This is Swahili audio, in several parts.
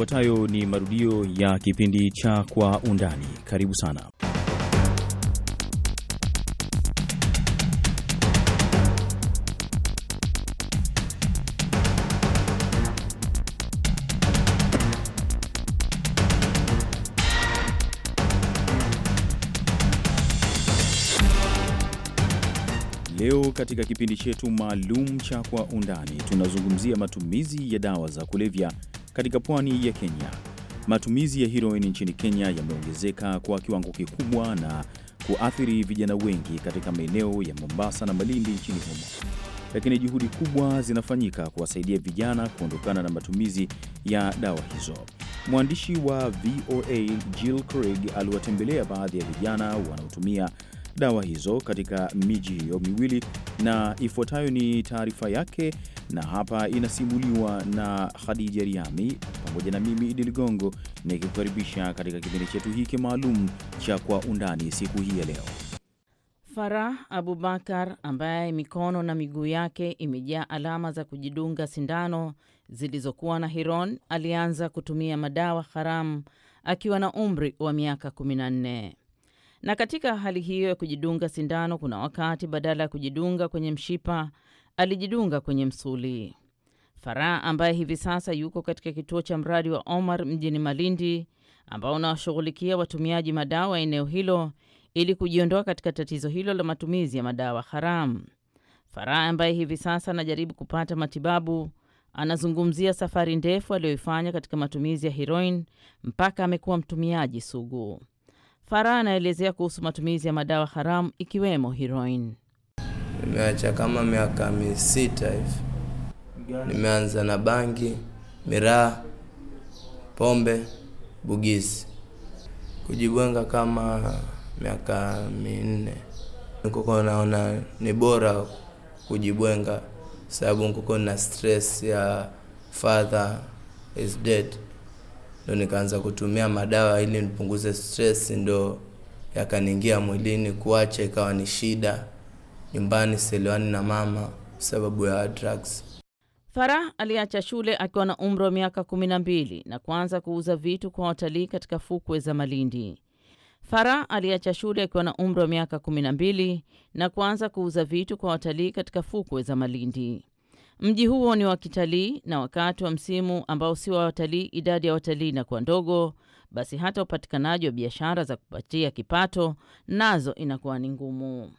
Yafuatayo ni marudio ya kipindi cha Kwa Undani. Karibu sana. Leo katika kipindi chetu maalum cha Kwa Undani tunazungumzia matumizi ya dawa za kulevya katika pwani ya Kenya. Matumizi ya heroin nchini Kenya yameongezeka kwa kiwango kikubwa na kuathiri vijana wengi katika maeneo ya Mombasa na Malindi nchini humo, lakini juhudi kubwa zinafanyika kuwasaidia vijana kuondokana na matumizi ya dawa hizo. Mwandishi wa VOA Jill Craig aliwatembelea baadhi ya vijana wanaotumia dawa hizo katika miji hiyo miwili, na ifuatayo ni taarifa yake, na hapa inasimuliwa na Khadija Riami pamoja na mimi Idi Ligongo nikikukaribisha katika kipindi chetu hiki maalum cha Kwa Undani siku hii ya leo. Farah Abubakar ambaye mikono na miguu yake imejaa alama za kujidunga sindano zilizokuwa na heroin alianza kutumia madawa haramu akiwa na umri wa miaka 14. Na katika hali hiyo ya kujidunga sindano, kuna wakati badala ya kujidunga kwenye mshipa alijidunga kwenye msuli. Farah ambaye hivi sasa yuko katika kituo cha mradi wa Omar mjini Malindi ambao unawashughulikia watumiaji madawa eneo hilo ili kujiondoa katika tatizo hilo la matumizi ya madawa haramu. Farah ambaye hivi sasa anajaribu kupata matibabu anazungumzia safari ndefu aliyoifanya katika matumizi ya heroin mpaka amekuwa mtumiaji sugu. Farah anaelezea kuhusu matumizi ya madawa haramu ikiwemo heroin. Nimeacha kama miaka misita hivi, nimeanza na bangi, miraa, pombe, bugizi, kujibwenga kama miaka minne. Nikoko naona ni bora kujibwenga, sababu nikoko na stress ya father is dead ndo nikaanza kutumia madawa ili nipunguze stress, ndo yakaniingia mwilini, kuacha ikawa ni shida. Nyumbani selewani na mama sababu ya drugs. Farah aliacha shule akiwa na umri wa miaka kumi na mbili na kuanza kuuza vitu kwa watalii katika fukwe za Malindi. Farah aliacha shule akiwa na umri wa miaka kumi na mbili na kuanza kuuza vitu kwa watalii katika fukwe za Malindi. Mji huo ni wa kitalii, na wakati wa msimu ambao si wa watalii, idadi ya watalii inakuwa ndogo, basi hata upatikanaji wa biashara za kupatia kipato nazo inakuwa ni ngumu.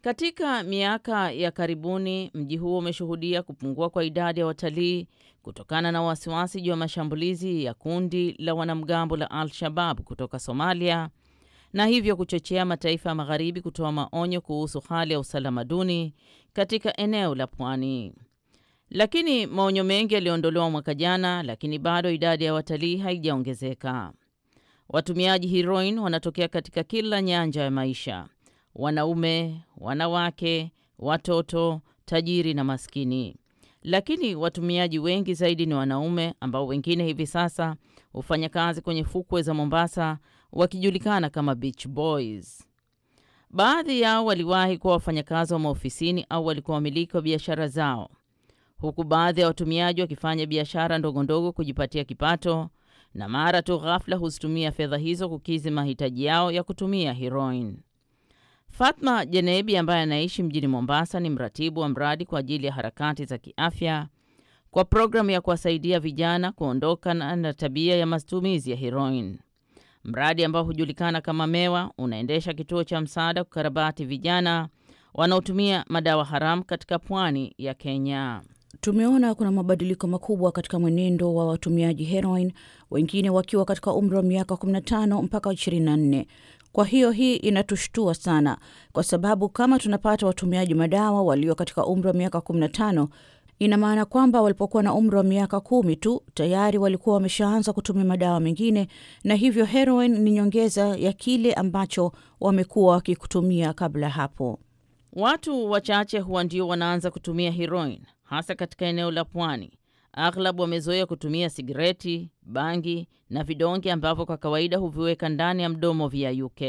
Katika miaka ya karibuni mji huo umeshuhudia kupungua kwa idadi ya watalii kutokana na wasiwasi juu ya mashambulizi ya kundi la wanamgambo la Al-Shabab kutoka Somalia na hivyo kuchochea mataifa ya magharibi kutoa maonyo kuhusu hali ya usalama duni katika eneo la pwani lakini maonyo mengi yaliondolewa mwaka jana, lakini bado idadi ya watalii haijaongezeka. Watumiaji heroin wanatokea katika kila nyanja ya maisha: wanaume, wanawake, watoto, tajiri na maskini, lakini watumiaji wengi zaidi ni wanaume ambao wengine hivi sasa hufanya kazi kwenye fukwe za Mombasa wakijulikana kama beach boys. Baadhi yao waliwahi kuwa wafanyakazi wa maofisini au walikuwa wamiliki wa biashara zao huku baadhi ya watumiaji wakifanya biashara ndogondogo kujipatia kipato na mara tu ghafla huzitumia fedha hizo kukizi mahitaji yao ya kutumia heroin. Fatma Jenebi ambaye anaishi mjini Mombasa ni mratibu wa mradi kwa ajili ya harakati za kiafya kwa programu ya kuwasaidia vijana kuondoka na tabia ya matumizi ya heroin. Mradi ambao hujulikana kama Mewa unaendesha kituo cha msaada kukarabati vijana wanaotumia madawa haramu katika pwani ya Kenya tumeona kuna mabadiliko makubwa katika mwenendo wa watumiaji heroin, wengine wakiwa katika umri wa miaka 15 mpaka 24. Kwa hiyo hii inatushtua sana, kwa sababu kama tunapata watumiaji madawa walio katika umri wa miaka 15, ina maana kwamba walipokuwa na umri wa miaka kumi tu tayari walikuwa wameshaanza kutumia madawa mengine, na hivyo heroin ni nyongeza ya kile ambacho wamekuwa wakikutumia kabla hapo. Watu wachache huwa ndio wanaanza kutumia heroin hasa katika eneo la pwani. Aghlabu wamezoea kutumia sigareti, bangi na vidonge ambavyo kwa kawaida huviweka ndani ya mdomo vya UK.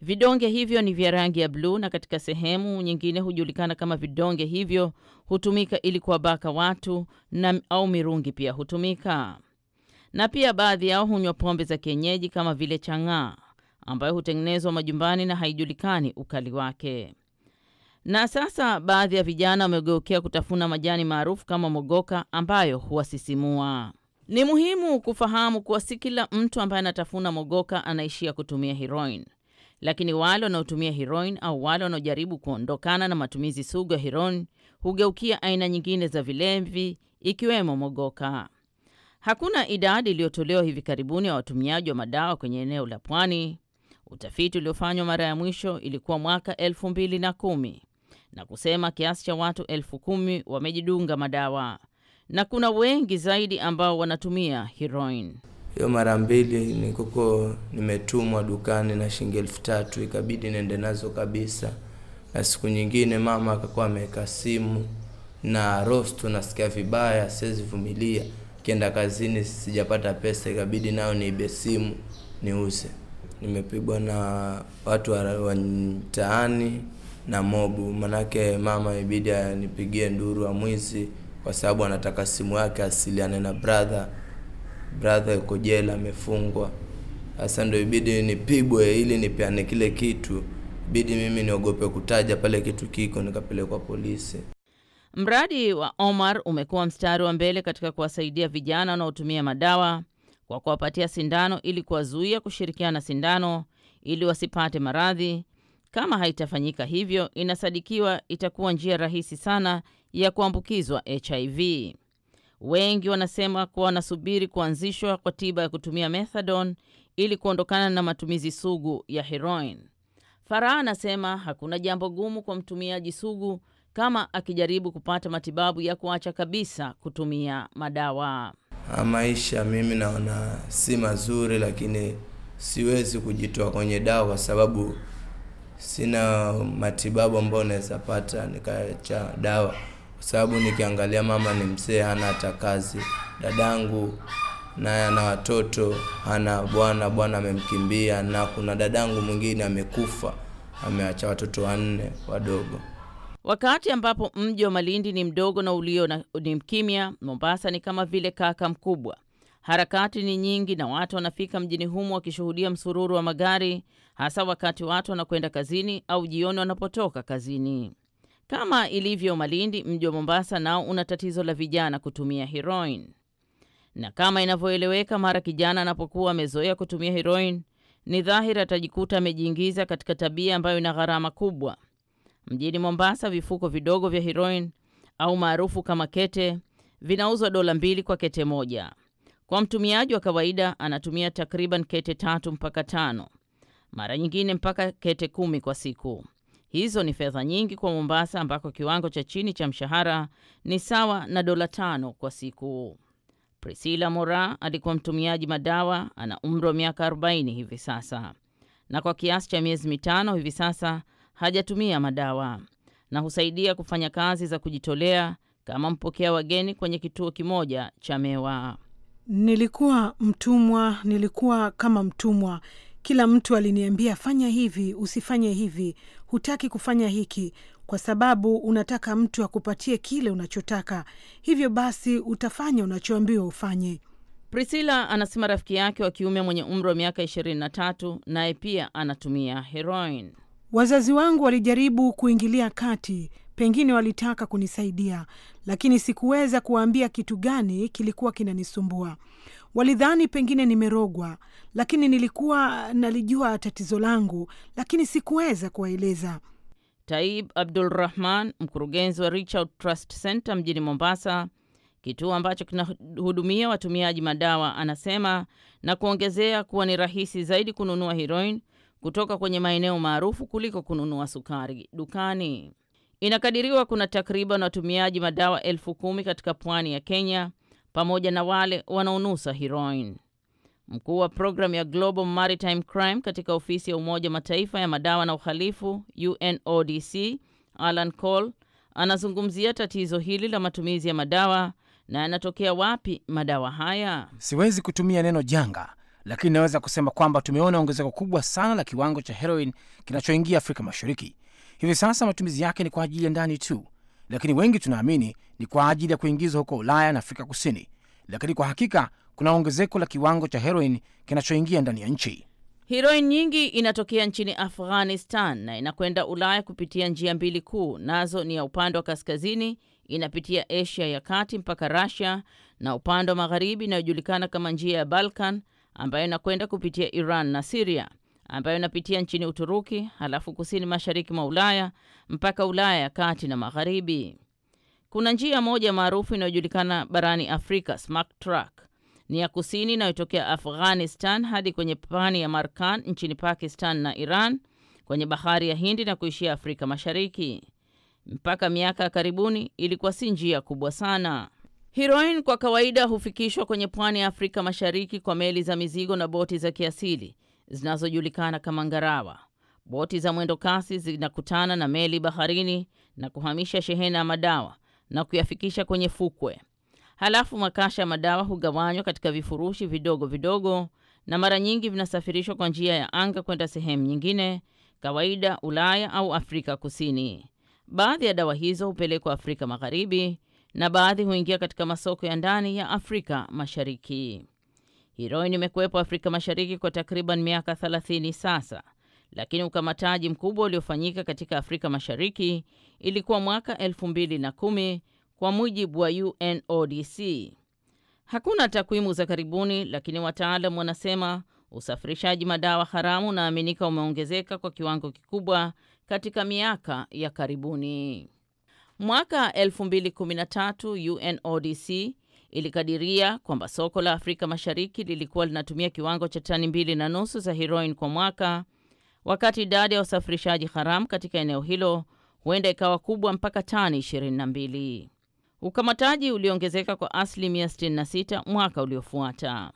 Vidonge hivyo ni vya rangi ya bluu na katika sehemu nyingine hujulikana kama vidonge hivyo hutumika ili kuwabaka watu na, au mirungi pia hutumika. Na pia baadhi yao hunywa pombe za kienyeji kama vile chang'aa ambayo hutengenezwa majumbani na haijulikani ukali wake. Na sasa baadhi ya vijana wamegeukea kutafuna majani maarufu kama mogoka ambayo huwasisimua. Ni muhimu kufahamu kuwa si kila mtu ambaye anatafuna mogoka anaishia kutumia heroin, lakini wale wanaotumia heroin au wale wanaojaribu kuondokana na matumizi sugu ya heroin hugeukia aina nyingine za vilevi ikiwemo mogoka. Hakuna idadi iliyotolewa hivi karibuni ya watumiaji wa madawa kwenye eneo la pwani. Utafiti uliofanywa mara ya mwisho ilikuwa mwaka elfu mbili na kumi na kusema kiasi cha watu elfu kumi wamejidunga madawa na kuna wengi zaidi ambao wanatumia heroin. Hiyo mara mbili nikuko nimetumwa dukani na shilingi elfu tatu ikabidi niende nazo kabisa, na siku nyingine mama akakuwa ameweka simu na rosto, nasikia vibaya, siwezi vumilia, kienda kazini sijapata pesa, ikabidi nayo niibe simu niuze. Nimepigwa na watu wa mtaani na mobu, manake mama ibidi anipigie nduru mwizi kwa sababu anataka simu yake asiliane na brother. Brother yuko jela amefungwa. Sasa ndio ibidi nipigwe ili nipeane kile kitu, ibidi mimi niogope kutaja pale kitu kiko, nikapelekwa polisi. Mradi wa Omar umekuwa mstari wa mbele katika kuwasaidia vijana wanaotumia madawa kwa kuwapatia sindano ili kuwazuia kushirikiana sindano ili wasipate maradhi kama haitafanyika hivyo, inasadikiwa itakuwa njia rahisi sana ya kuambukizwa HIV. Wengi wanasema kuwa wanasubiri kuanzishwa kwa tiba ya kutumia methadone ili kuondokana na matumizi sugu ya heroin. Farah anasema hakuna jambo gumu kwa mtumiaji sugu kama akijaribu kupata matibabu ya kuacha kabisa kutumia madawa. Ah, maisha mimi naona si mazuri, lakini siwezi kujitoa kwenye dawa kwa sababu sina matibabu ambayo naweza pata nikaacha dawa, kwa sababu nikiangalia mama ni mzee, hana hata kazi. Dadangu naye ana watoto, hana bwana, bwana amemkimbia, na kuna dadangu mwingine amekufa, ameacha watoto wanne wadogo. Wakati ambapo mji wa Malindi ni mdogo na ulio na ni mkimya, Mombasa ni kama vile kaka mkubwa. Harakati ni nyingi na watu wanafika mjini humo wakishuhudia msururu wa magari, hasa wakati watu wanakwenda kazini au jioni wanapotoka kazini. Kama ilivyo Malindi, mji wa Mombasa nao una tatizo la vijana kutumia heroin, na kama inavyoeleweka, mara kijana anapokuwa amezoea kutumia heroin, ni dhahiri atajikuta amejiingiza katika tabia ambayo ina gharama kubwa. Mjini Mombasa, vifuko vidogo vya heroin au maarufu kama kete vinauzwa dola mbili kwa kete moja. Kwa mtumiaji wa kawaida anatumia takriban kete tatu mpaka tano, mara nyingine mpaka kete kumi kwa siku. Hizo ni fedha nyingi kwa Mombasa ambako kiwango cha chini cha mshahara ni sawa na dola tano kwa siku. Priscilla Mora alikuwa mtumiaji madawa, ana umri wa miaka 40 hivi sasa, na kwa kiasi cha miezi mitano hivi sasa hajatumia madawa na husaidia kufanya kazi za kujitolea kama mpokea wageni kwenye kituo kimoja cha Mewa. Nilikuwa mtumwa, nilikuwa kama mtumwa. Kila mtu aliniambia fanya hivi, usifanye hivi, hutaki kufanya hiki kwa sababu unataka mtu akupatie kile unachotaka, hivyo basi utafanya unachoambiwa ufanye. Priscilla anasema rafiki yake wa kiume mwenye umri wa miaka 23 naye pia anatumia heroin. Wazazi wangu walijaribu kuingilia kati Pengine walitaka kunisaidia, lakini sikuweza kuwaambia kitu gani kilikuwa kinanisumbua. Walidhani pengine nimerogwa, lakini nilikuwa nalijua tatizo langu, lakini sikuweza kuwaeleza. Taib abdul rahman mkurugenzi wa Richard Trust Center mjini Mombasa, kituo ambacho kinahudumia watumiaji madawa, anasema na kuongezea kuwa ni rahisi zaidi kununua heroin kutoka kwenye maeneo maarufu kuliko kununua sukari dukani. Inakadiriwa kuna takriban watumiaji madawa elfu kumi katika pwani ya Kenya pamoja na wale wanaonusa heroin. Mkuu wa programu ya Global Maritime Crime katika ofisi ya Umoja Mataifa ya madawa na uhalifu UNODC, Alan Cole anazungumzia tatizo hili la matumizi ya madawa na yanatokea wapi madawa haya. Siwezi kutumia neno janga, lakini naweza kusema kwamba tumeona ongezeko kubwa sana la kiwango cha heroin kinachoingia Afrika Mashariki Hivi sasa matumizi yake ni kwa ajili ya ndani tu, lakini wengi tunaamini ni kwa ajili ya kuingizwa huko Ulaya na Afrika Kusini, lakini kwa hakika kuna ongezeko la kiwango cha heroin kinachoingia ndani ya nchi. Heroin nyingi inatokea nchini Afghanistan na inakwenda Ulaya kupitia njia mbili kuu, nazo ni ya upande wa kaskazini inapitia Asia ya kati mpaka rasia na upande wa magharibi inayojulikana kama njia ya Balkan ambayo inakwenda kupitia Iran na Siria ambayo inapitia nchini Uturuki, halafu kusini mashariki mwa Ulaya mpaka Ulaya ya kati na magharibi. Kuna njia moja maarufu inayojulikana barani Afrika, Smart Track, ni ya kusini inayotokea Afghanistan hadi kwenye pwani ya Markan nchini Pakistan na Iran kwenye bahari ya Hindi na kuishia Afrika Mashariki. Mpaka miaka ya karibuni ilikuwa si njia kubwa sana. Heroin kwa kawaida hufikishwa kwenye pwani ya Afrika Mashariki kwa meli za mizigo na boti za kiasili zinazojulikana kama ngarawa. Boti za mwendo kasi zinakutana na meli baharini na kuhamisha shehena ya madawa na kuyafikisha kwenye fukwe. Halafu makasha ya madawa hugawanywa katika vifurushi vidogo vidogo, na mara nyingi vinasafirishwa kwa njia ya anga kwenda sehemu nyingine, kawaida Ulaya au Afrika Kusini. Baadhi ya dawa hizo hupelekwa Afrika Magharibi na baadhi huingia katika masoko ya ndani ya Afrika Mashariki. Heroin imekuwepo Afrika Mashariki kwa takriban miaka 30 sasa, lakini ukamataji mkubwa uliofanyika katika Afrika Mashariki ilikuwa mwaka 2010 kwa mujibu wa UNODC. Hakuna takwimu za karibuni, lakini wataalamu wanasema usafirishaji madawa haramu unaaminika umeongezeka kwa kiwango kikubwa katika miaka ya karibuni. Mwaka 2013 UNODC ilikadiria kwamba soko la Afrika Mashariki lilikuwa linatumia kiwango cha tani mbili na nusu za heroin kwa mwaka, wakati idadi ya wasafirishaji haramu katika eneo hilo huenda ikawa kubwa mpaka tani 22. Ukamataji uliongezeka kwa asilimia 66 mwaka uliofuata.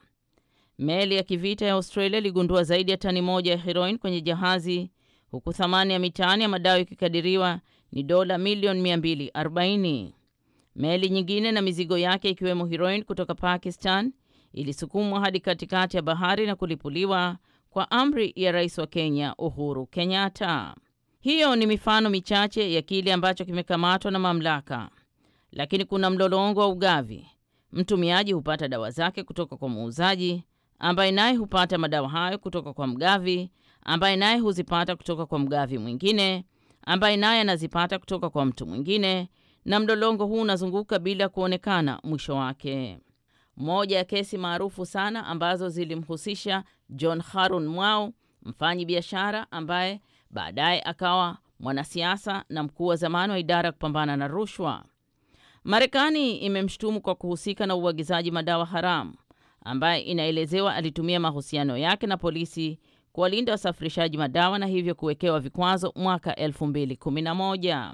Meli ya kivita ya Australia iligundua zaidi ya tani moja ya heroin kwenye jahazi, huku thamani ya mitaani ya madawa ikikadiriwa ni dola milioni 240. Meli nyingine na mizigo yake ikiwemo heroin kutoka Pakistan ilisukumwa hadi katikati ya bahari na kulipuliwa kwa amri ya rais wa Kenya Uhuru Kenyatta. Hiyo ni mifano michache ya kile ambacho kimekamatwa na mamlaka, lakini kuna mlolongo wa ugavi. Mtumiaji hupata dawa zake kutoka kwa muuzaji ambaye naye hupata madawa hayo kutoka kwa mgavi ambaye naye huzipata kutoka kwa mgavi mwingine ambaye naye anazipata kutoka kwa mtu mwingine na mdolongo huu unazunguka bila kuonekana mwisho wake. Moja ya kesi maarufu sana ambazo zilimhusisha John Harun Mwau, mfanyi biashara ambaye baadaye akawa mwanasiasa na mkuu wa zamani wa idara ya kupambana na rushwa. Marekani imemshutumu kwa kuhusika na uagizaji madawa haramu ambaye inaelezewa alitumia mahusiano yake na polisi kuwalinda wasafirishaji madawa na hivyo kuwekewa vikwazo mwaka 2011.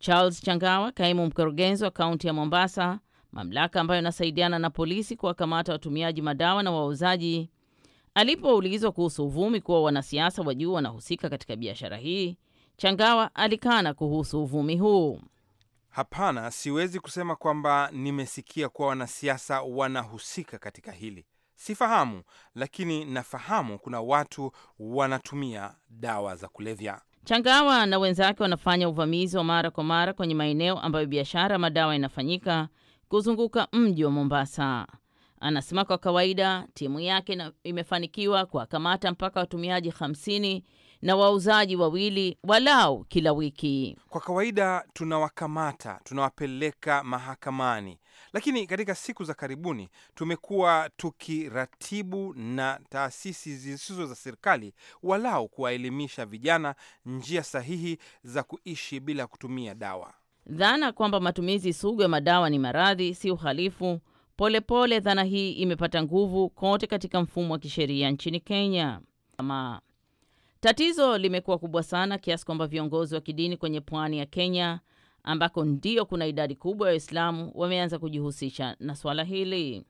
Charles Changawa, kaimu mkurugenzi wa kaunti ya Mombasa, mamlaka ambayo inasaidiana na polisi kuwakamata watumiaji madawa na wauzaji, alipoulizwa kuhusu uvumi kuwa wanasiasa wa juu wanahusika katika biashara hii, Changawa alikana kuhusu uvumi huu. Hapana, siwezi kusema kwamba nimesikia kuwa wanasiasa wanahusika katika hili. Sifahamu, lakini nafahamu kuna watu wanatumia dawa za kulevya. Changawa na wenzake wanafanya uvamizi wa mara kwa mara kwenye maeneo ambayo biashara madawa inafanyika kuzunguka mji wa Mombasa. Anasema kwa kawaida timu yake imefanikiwa kuwakamata mpaka watumiaji hamsini na wauzaji wawili walau kila wiki. Kwa kawaida tunawakamata, tunawapeleka mahakamani, lakini katika siku za karibuni tumekuwa tukiratibu na taasisi zisizo za serikali walau kuwaelimisha vijana njia sahihi za kuishi bila kutumia dawa. Dhana kwamba matumizi sugu ya madawa ni maradhi, si uhalifu Polepole dhana hii imepata nguvu kote katika mfumo wa kisheria nchini Kenya. Ama Tatizo limekuwa kubwa sana kiasi kwamba viongozi wa kidini kwenye pwani ya Kenya ambako ndio kuna idadi kubwa ya Waislamu wameanza kujihusisha na swala hili.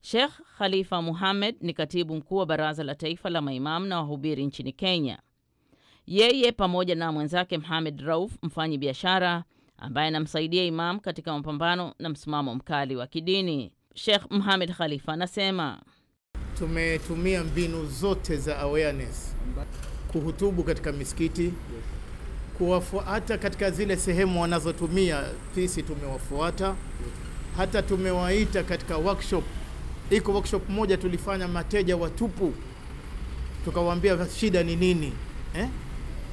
Sheikh Khalifa Muhammad ni katibu mkuu wa Baraza la Taifa la Maimamu na Wahubiri nchini Kenya. Yeye pamoja na mwenzake Mohamed Rauf, mfanyi biashara ambaye anamsaidia imam katika mapambano na msimamo mkali wa kidini. Sheikh Mohamed Khalifa anasema, tumetumia mbinu zote za awareness kuhutubu katika misikiti, kuwafuata katika zile sehemu wanazotumia. Sisi tumewafuata hata tumewaita katika workshop. Iko workshop moja tulifanya mateja watupu, tukawaambia shida ni nini eh?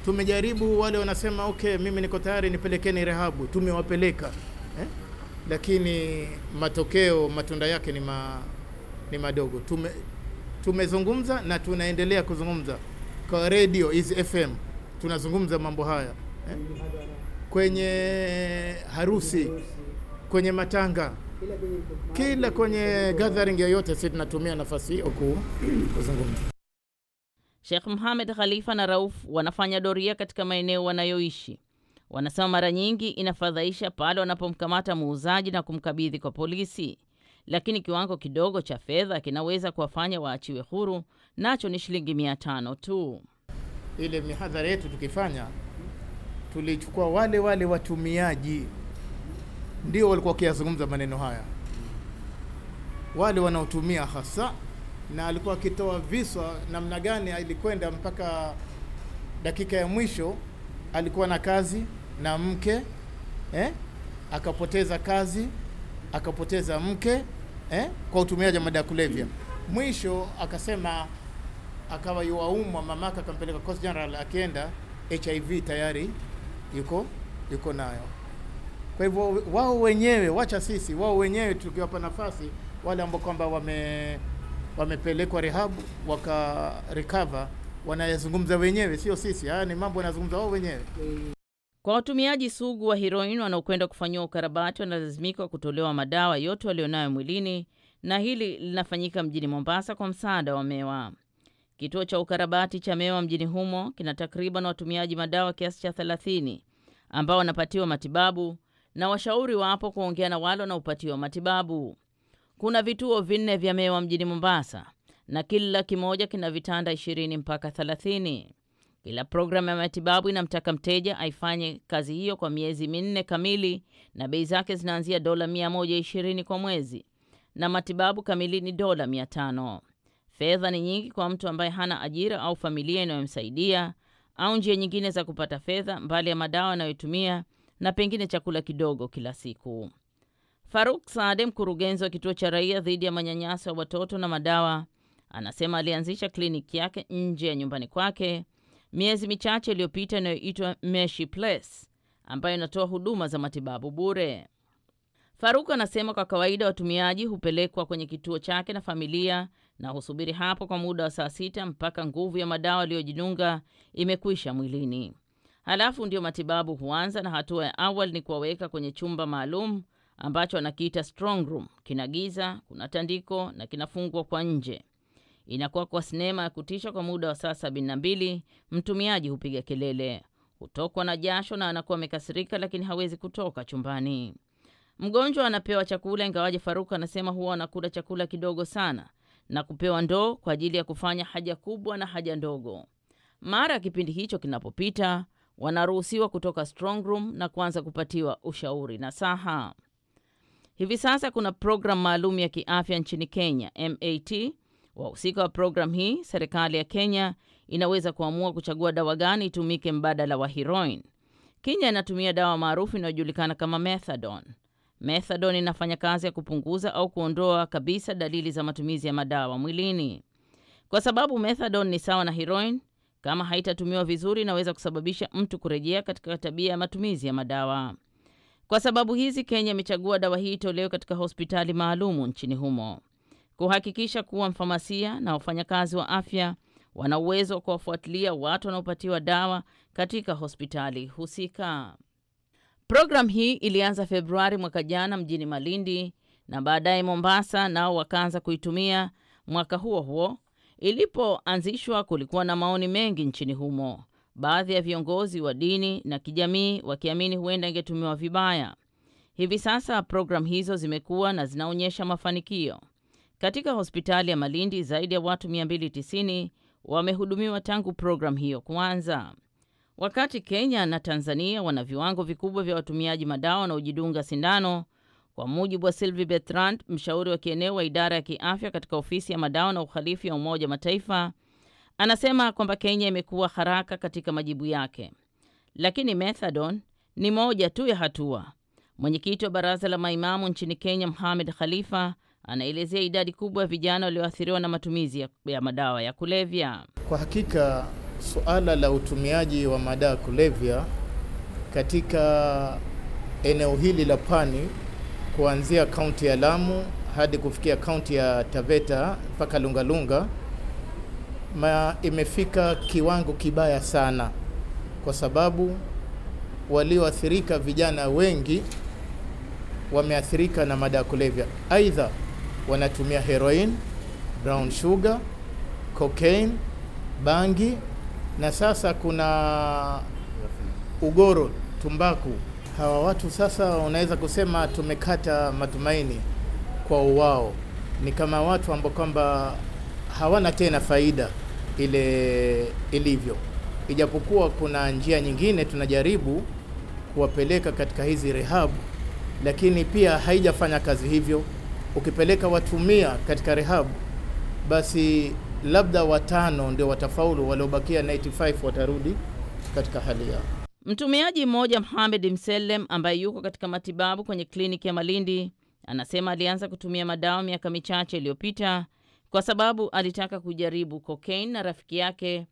Tumejaribu, wale wanasema okay, mimi niko tayari, nipelekeni rehabu. Tumewapeleka eh? Lakini matokeo matunda yake ni, ma, ni madogo. Tume, tumezungumza na tunaendelea kuzungumza kwa radio hizi FM tunazungumza mambo haya eh? Kwenye harusi, kwenye matanga, kila kwenye gathering yoyote, sisi tunatumia nafasi hiyo kuzungumza. Sheikh Mohamed Khalifa na Rauf wanafanya doria katika maeneo wanayoishi. Wanasema mara nyingi inafadhaisha pale wanapomkamata muuzaji na kumkabidhi kwa polisi lakini kiwango kidogo cha fedha kinaweza kuwafanya waachiwe huru, nacho ni shilingi mia tano tu. Ile mihadhara yetu tukifanya, tulichukua wale wale watumiaji, ndio walikuwa wakiyazungumza maneno haya, wale wanaotumia hasa, na alikuwa akitoa viswa namna gani alikwenda mpaka dakika ya mwisho. Alikuwa na kazi na mke eh, akapoteza kazi akapoteza mke eh, kwa utumiaji wa madawa ya kulevya. Mwisho akasema akawa yuaumwa, mamake akampeleka Coast General, akienda HIV tayari yuko yuko nayo. Kwa hivyo wao wenyewe, wacha sisi, wao wenyewe tukiwapa nafasi wale ambao kwamba wame wamepelekwa rehabu waka recover, wanayazungumza wenyewe, sio sisi. Haya ni mambo yanazungumza wao wenyewe. Kwa watumiaji sugu wa heroin wanaokwenda kufanyiwa ukarabati wanalazimika kutolewa madawa yote walionayo mwilini na hili linafanyika mjini Mombasa kwa msaada wa Mewa. Kituo cha ukarabati cha Mewa mjini humo kina takriban watumiaji madawa kiasi cha 30 ambao wanapatiwa matibabu na washauri wapo kuongea na wale wanaopatiwa matibabu. Kuna vituo vinne vya Mewa mjini Mombasa na kila kimoja kina vitanda 20 mpaka 30. Kila programu ya matibabu inamtaka mteja aifanye kazi hiyo kwa miezi minne kamili, na bei zake zinaanzia dola 120 kwa mwezi, na matibabu kamili ni dola 500. Fedha ni nyingi kwa mtu ambaye hana ajira au familia inayomsaidia au njia nyingine za kupata fedha mbali ya madawa anayotumia na pengine chakula kidogo kila siku. Faruk Saade, mkurugenzi wa kituo cha raia dhidi ya manyanyaso ya watoto na madawa, anasema alianzisha kliniki yake nje ya nyumbani kwake miezi michache iliyopita inayoitwa Meshi Place ambayo inatoa huduma za matibabu bure. Faruk anasema kwa kawaida watumiaji hupelekwa kwenye kituo chake na familia na husubiri hapo kwa muda wa saa sita mpaka nguvu ya madawa aliyojinunga imekwisha mwilini. Halafu ndiyo matibabu huanza, na hatua ya awali ni kuwaweka kwenye chumba maalum ambacho anakiita strong room. Kina giza, kuna tandiko na kinafungwa kwa nje inakuwa kwa sinema ya kutisha kwa muda wa saa sabini na mbili. Mtumiaji hupiga kelele, hutokwa na jasho na anakuwa amekasirika, lakini hawezi kutoka chumbani. Mgonjwa anapewa chakula, ingawaje Faruku anasema huwa anakula chakula kidogo sana, na kupewa ndoo kwa ajili ya kufanya haja kubwa na haja ndogo. Mara ya kipindi hicho kinapopita, wanaruhusiwa kutoka strong room na kuanza kupatiwa ushauri na saha. Hivi sasa kuna programu maalum ya kiafya nchini Kenya MAT Wahusika wa programu hii, serikali ya Kenya inaweza kuamua kuchagua dawa gani itumike mbadala wa heroin. Kenya inatumia dawa maarufu inayojulikana kama methadone. Methadone inafanya kazi ya kupunguza au kuondoa kabisa dalili za matumizi ya madawa mwilini. Kwa sababu methadone ni sawa na heroin, kama haitatumiwa vizuri, inaweza kusababisha mtu kurejea katika tabia ya matumizi ya madawa. Kwa sababu hizi, Kenya imechagua dawa hii itolewe katika hospitali maalumu nchini humo kuhakikisha kuwa mfamasia na wafanyakazi wa afya wana uwezo wa kuwafuatilia watu wanaopatiwa dawa katika hospitali husika. Programu hii ilianza Februari mwaka jana mjini Malindi na baadaye Mombasa, nao wakaanza kuitumia mwaka huo huo. Ilipoanzishwa kulikuwa na maoni mengi nchini humo, baadhi ya viongozi wa dini na kijamii wakiamini huenda ingetumiwa vibaya. Hivi sasa programu hizo zimekuwa na zinaonyesha mafanikio. Katika hospitali ya Malindi zaidi ya watu 290 wamehudumiwa tangu programu hiyo kuanza. Wakati Kenya na Tanzania wana viwango vikubwa vya watumiaji madawa wanaojidunga sindano, kwa mujibu wa Sylvie Bertrand, mshauri wa kieneo wa idara ya kiafya katika ofisi ya madawa na uhalifu ya Umoja wa Mataifa, anasema kwamba Kenya imekuwa haraka katika majibu yake, lakini methadone ni moja tu ya hatua. Mwenyekiti wa baraza la maimamu nchini Kenya, Muhamed Khalifa, anaelezea idadi kubwa ya vijana walioathiriwa na matumizi ya, madawa ya kulevya. Kwa hakika suala la utumiaji wa madawa ya kulevya katika eneo hili la Pwani kuanzia kaunti ya Lamu hadi kufikia kaunti ya Taveta mpaka Lungalunga ma imefika kiwango kibaya sana, kwa sababu walioathirika vijana wengi wameathirika na madawa kulevya. Aidha, wanatumia heroin, brown sugar, cocaine, bangi na sasa kuna ugoro, tumbaku. Hawa watu sasa unaweza kusema tumekata matumaini kwa uwao, ni kama watu ambao kwamba hawana tena faida ile ilivyo, ijapokuwa kuna njia nyingine tunajaribu kuwapeleka katika hizi rehab, lakini pia haijafanya kazi hivyo ukipeleka watu mia katika rehabu, basi labda watano ndio watafaulu, waliobakia 95 watarudi katika hali yao. Mtumiaji mmoja mhamed Mselem ambaye yuko katika matibabu kwenye kliniki ya Malindi anasema alianza kutumia madawa miaka michache iliyopita kwa sababu alitaka kujaribu kokaini na rafiki yake,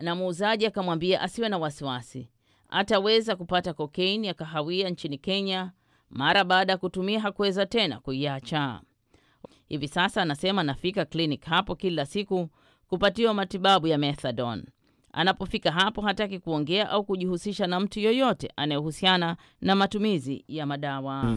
na muuzaji akamwambia asiwe na wasiwasi, ataweza kupata kokaini ya kahawia nchini Kenya mara baada ya kutumia hakuweza tena kuiacha. Hivi sasa anasema anafika klinik hapo kila siku kupatiwa matibabu ya methadone. Anapofika hapo hataki kuongea au kujihusisha na mtu yoyote anayehusiana na matumizi ya madawa.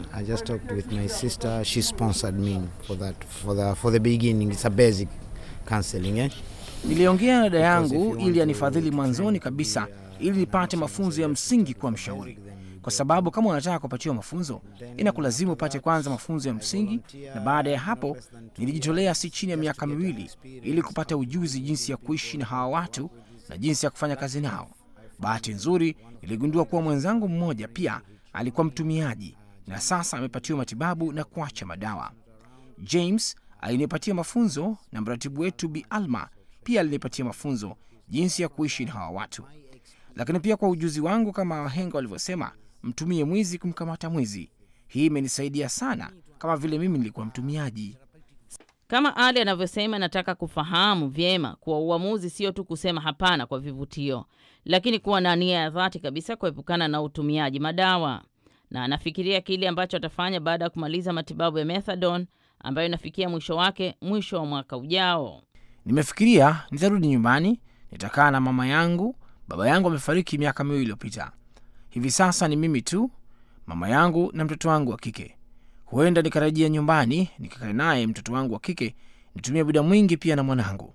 Niliongea na dada yangu ili anifadhili mwanzoni kabisa, ili nipate mafunzo ya msingi kwa mshauri kwa sababu kama unataka kupatiwa mafunzo inakulazimu upate kwanza mafunzo ya msingi, na baada ya hapo nilijitolea si chini ya miaka miwili ili kupata ujuzi jinsi ya kuishi na hawa watu na jinsi ya kufanya kazi nao. Bahati nzuri niligundua kuwa mwenzangu mmoja pia alikuwa mtumiaji na sasa amepatiwa matibabu na kuacha madawa. James alinipatia mafunzo na mratibu wetu Bi Alma pia alinipatia mafunzo jinsi ya kuishi na hawa watu, lakini pia kwa ujuzi wangu kama wahenga walivyosema mtumie mwizi kumkamata mwizi. Hii imenisaidia sana, kama vile mimi nilikuwa mtumiaji. Kama Ali anavyosema, nataka kufahamu vyema kuwa uamuzi sio tu kusema hapana kwa vivutio, lakini kuwa na nia ya dhati kabisa kuepukana na utumiaji madawa, na anafikiria kile ambacho atafanya baada ya kumaliza matibabu ya methadone ambayo inafikia mwisho wake mwisho wa mwaka ujao. Nimefikiria nitarudi nyumbani, nitakaa na mama yangu. Baba yangu amefariki miaka miwili iliyopita hivi sasa ni mimi tu, mama yangu na mtoto wangu wa kike. Huenda nikarejea nyumbani nikakae naye mtoto wangu wa kike, nitumie muda mwingi pia na mwanangu.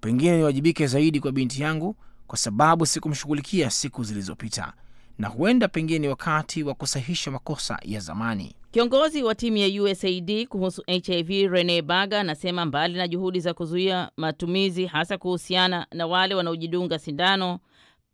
Pengine niwajibike zaidi kwa binti yangu, kwa sababu sikumshughulikia siku zilizopita, na huenda pengine ni wakati wa kusahisha makosa ya zamani. Kiongozi wa timu ya USAID kuhusu HIV Rene Baga anasema mbali na juhudi za kuzuia matumizi, hasa kuhusiana na wale wanaojidunga sindano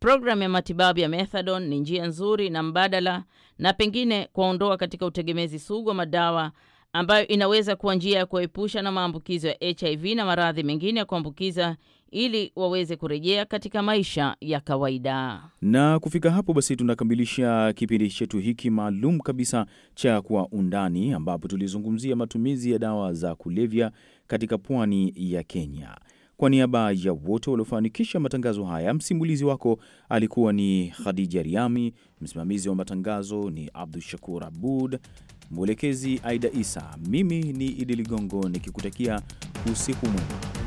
Programu ya matibabu ya methadone ni njia nzuri na mbadala na pengine kuwaondoa katika utegemezi sugu wa madawa ambayo inaweza kuwa njia ya kuwaepusha na maambukizo ya HIV na maradhi mengine ya kuambukiza ili waweze kurejea katika maisha ya kawaida. Na kufika hapo basi, tunakamilisha kipindi chetu hiki maalum kabisa cha Kwa Undani, ambapo tulizungumzia matumizi ya dawa za kulevya katika pwani ya Kenya. Kwa niaba ya wote waliofanikisha matangazo haya, msimulizi wako alikuwa ni Khadija Riami, msimamizi wa matangazo ni Abdu Shakur Abud, mwelekezi Aida Isa. Mimi ni Idi Ligongo nikikutakia usiku mwema.